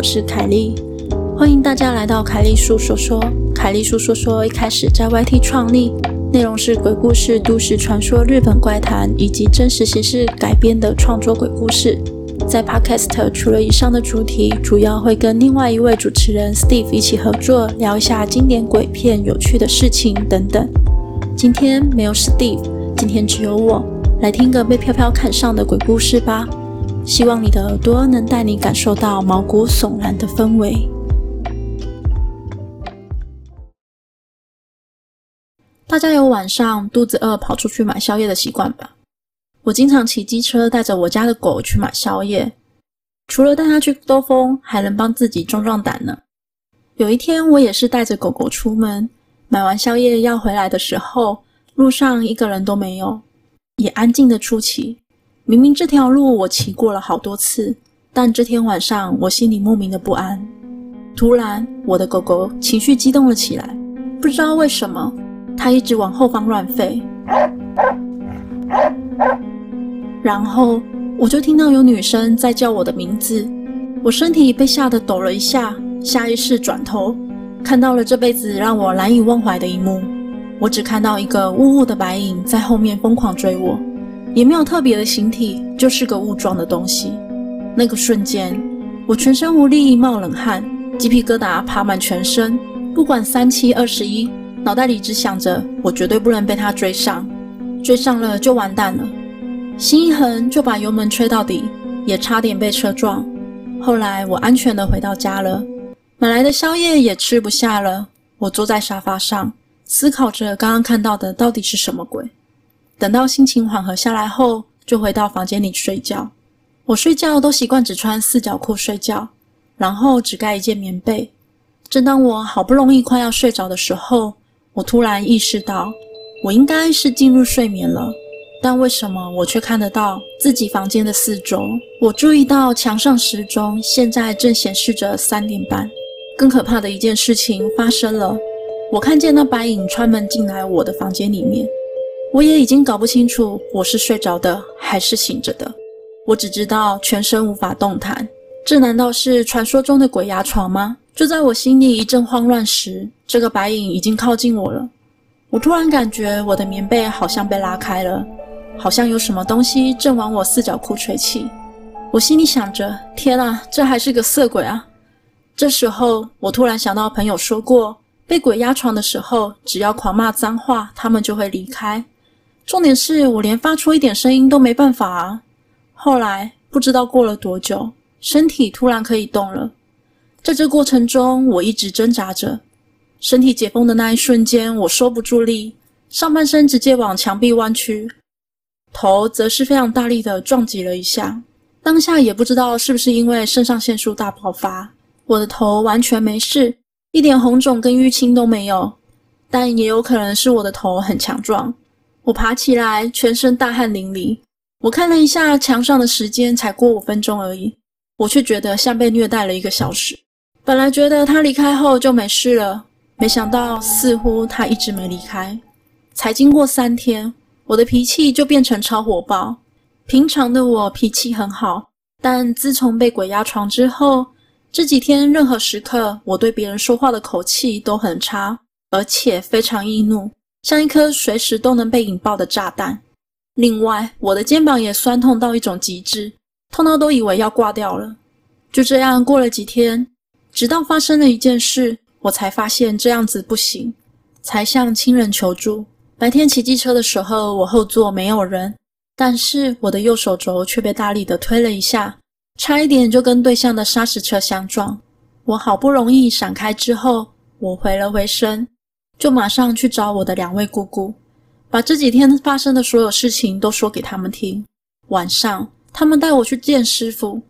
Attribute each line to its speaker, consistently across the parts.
Speaker 1: 我是凱莉，歡迎大家來到凱莉粟說說。凱莉粟說說一開始在 YT 創立，內容是鬼故事、都市傳說、日本怪談以及真實形式改編的創作鬼故事。在 Podcast 除了以上的主題，主要會跟另外一位主持人 Steve 一起合作，聊一下經典鬼片、有趣的事情等等。今天沒有 Steve，今天只有我，來聽個被飄飄看上的鬼故事吧。希望你的耳朵能帶你感受到毛骨悚然的氛圍。大家有晚上肚子餓跑出去買宵夜的習慣吧？我經常騎機車帶着我家的狗去買宵夜，除了帶它去兜風，還能幫自己壯壯膽呢。有一天，我也是帶着狗狗出門，買完宵夜要回來的時候，路上一個人都沒有，也安靜的出奇。明明這條路我騎過了好多次，但這天晚上我心裡莫名的不安。突然，我的狗狗情緒激動了起來，不知道為什麼，它一直往後方亂吠。然後我就聽到有女生在叫我的名字，我身體被嚇得抖了一下，下意識轉頭，看到了這輩子讓我難以忘懷的一幕。我只看到一個霧霧的白影在後面瘋狂追我。也沒有特別的形體，就是個霧狀的東西。那個瞬間，我全身無力，冒冷汗，雞皮疙瘩爬滿全身。不管三七二十一，腦袋裡只想着我絕對不能被他追上，追上了就完蛋了。心一橫，就把油門催到底，也差點被車撞。後來我安全地回到家了，買來的宵夜也吃不下了。我坐在沙發上，思考着剛剛看到的到底是什麼鬼。等到心情緩和下來後，就回到房間裡睡覺。我睡覺都習慣只穿四角褲睡覺，然後只蓋一件棉被。正當我好不容易快要睡着的時候，我突然意識到我應該是進入睡眠了，但為什麼我卻看得到自己房間的四周？我注意到牆上時鐘現在正顯示着三點半。更可怕的一件事情發生了，我看見那白影穿門進來我的房間裡面。我也已經搞不清楚我是睡着的還是醒着的，我只知道全身無法動彈。這難道是傳說中的鬼壓床嗎？就在我心裡一陣慌亂時，這個白影已經靠近我了。我突然感覺我的棉被好像被拉開了，好像有什麼東西正往我四角褲吹氣。我心裡想着：天啊，這還是個色鬼啊！這時候，我突然想到朋友說過，被鬼壓床的時候，只要狂罵髒話，他們就會離開。重點是我連發出一點聲音都沒辦法啊！後來不知道過了多久，身體突然可以動了。在這過程中，我一直掙扎着。身體解封的那一瞬間，我收不住力，上半身直接往牆壁彎曲，頭則是非常大力的撞擊了一下。當下也不知道是不是因為腎上腺素大爆發，我的頭完全沒事，一點紅腫跟淤青都沒有。但也有可能是我的頭很強壯。我爬起來，全身大汗淋漓。我看了一下牆上的時間，才過五分鐘而已，我卻覺得像被虐待了一個小時。本來覺得他離開後就沒事了，沒想到似乎他一直沒離開。才經過三天，我的脾氣就變成超火爆。平常的我脾氣很好，但自從被鬼壓床之後，這幾天任何時刻，我對別人說話的口氣都很差，而且非常易怒。像一顆隨時都能被引爆的炸彈。另外，我的肩膀也痠痛到一種極致，痛到都以為要掛掉了。就這樣過了幾天，直到發生了一件事，我才發現這樣子不行，才向親人求助。白天騎機車的時候，我後座沒有人，但是我的右手肘卻被大力的推了一下，差一點就跟對向的砂石車相撞。我好不容易閃開之後，我回了回神。就馬上去找我的兩位姑姑，把這幾天發生的所有事情都說給他們聽。晚上，他們帶我去見師傅。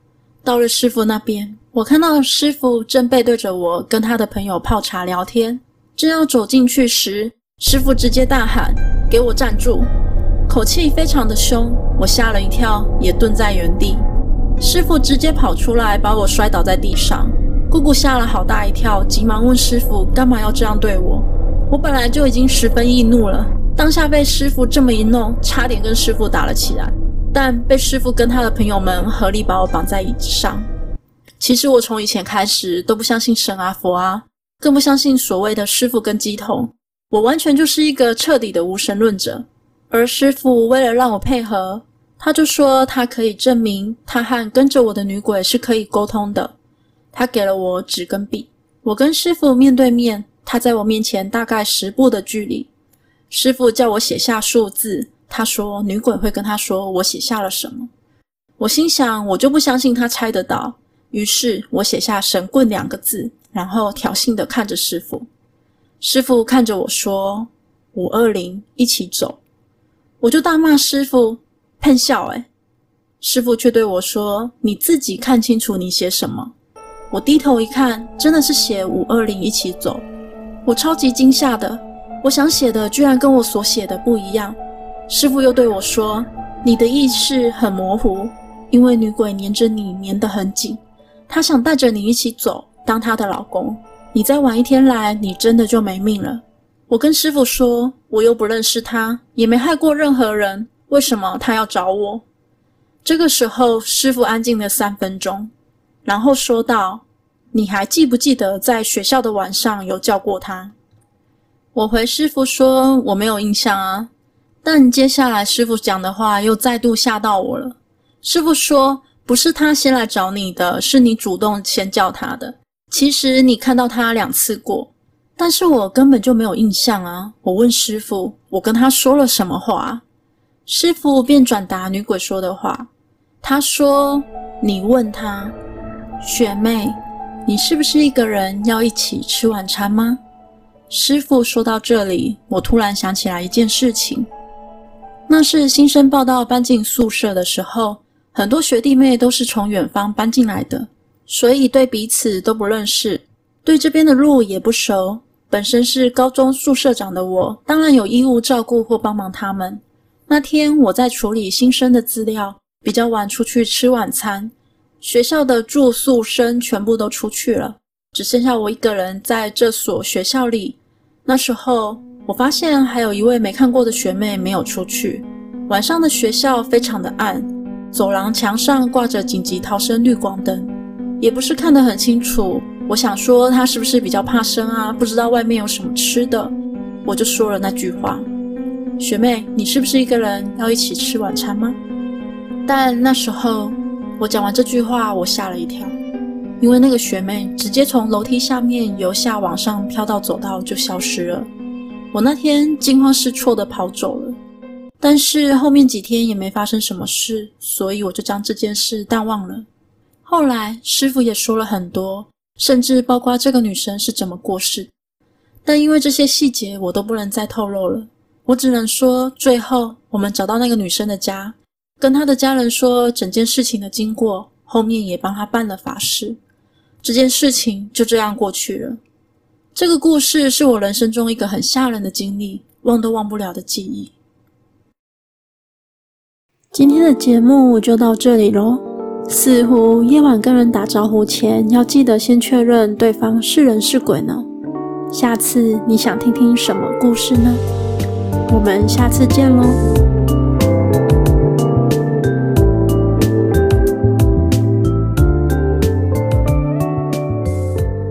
Speaker 1: 到了師傅那邊，我看到師傅正背對着我，跟他的朋友泡茶聊天。正要走進去時，師傅直接大喊：“給我站住！”口氣非常的凶。我嚇了一跳，也蹲在原地。師傅直接跑出來，把我摔倒在地上。姑姑嚇了好大一跳，急忙問師傅：“幹嘛要這樣對我？”我本來就已經十分易怒了，當下被師傅這麼一弄，差點跟師傅打了起來，但被師傅跟他的朋友們合力把我綁在椅子上。其實我從以前開始都不相信神啊佛啊，更不相信所謂的師傅跟乩童，我完全就是一個徹底的無神論者。而師傅為了讓我配合，他就說他可以證明他和跟着我的女鬼是可以溝通的。他給了我紙跟筆，我跟師傅面對面。他在我面前大概十步的距離，師傅叫我寫下數字。他說女鬼會跟他說我寫下了什麼。我心想，我就不相信他猜得到。於是我寫下“神棍”兩個字，然後挑釁的看着師傅。師傅看着我說：“五二零一起走。”我就大罵師傅，噴笑欸。師傅卻對我說：“你自己看清楚你寫什麼。”我低頭一看，真的是寫“五二零一起走”。我超級驚嚇的，我想寫的居然跟我所寫的不一樣。師父又對我說：“你的意識很模糊，因為女鬼黏着你，黏得很緊，她想帶着你一起走，當她的老公。你再晚一天來，你真的就沒命了。”我跟師父說：“我又不認識她，也沒害過任何人，為什麼她要找我？”這個時候，師父安靜了三分鐘，然後說道。你還記不記得在學校的晚上有叫過他？我回師傅說我沒有印象啊。但接下來師傅講的話又再度嚇到我了。師傅說，不是他先來找你的，是你主動先叫他的。其實你看到他兩次過。但是我根本就沒有印象啊。我問師傅，我跟他說了什麼話？師傅便轉達女鬼說的話。他說，你問他，學妹。你是不是一個人要一起吃晚餐嗎？師傅說到這裡，我突然想起來一件事情。那是新生報到搬進宿舍的時候，很多學弟妹都是從遠方搬進來的，所以對彼此都不認識，對這邊的路也不熟。本身是高中宿舍長的我，當然有義務照顧或幫忙他們。那天我在處理新生的資料，比較晚出去吃晚餐。學校的住宿生全部都出去了，只剩下我一個人在這所學校裡。那時候，我發現還有一位沒看過的學妹沒有出去。晚上的學校非常的暗，走廊牆上掛着緊急逃生綠光燈，也不是看得很清楚。我想說她是不是比較怕生啊？不知道外面有什麼吃的，我就說了那句話：“學妹，你是不是一個人要一起吃晚餐嗎？”但那時候，我講完這句話，我嚇了一跳，因為那個學妹直接從樓梯下面由下往上飄到走道就消失了。我那天驚慌失措地跑走了，但是後面幾天也沒發生什麼事，所以我就將這件事淡忘了。後來師父也說了很多，甚至包括這個女生是怎麼過世，但因為這些細節我都不能再透露了。我只能說，最後我們找到那個女生的家跟他的家人說整件事情的經過，後面也幫他辦了法事，這件事情就這樣過去了。這個故事是我人生中一個很嚇人的經歷，忘都忘不了的記憶。今天的節目就到這裡嘍。似乎夜晚跟人打招呼前要記得先確認對方是人是鬼呢？下次你想聽聽什麼故事呢？我們下次見嘍。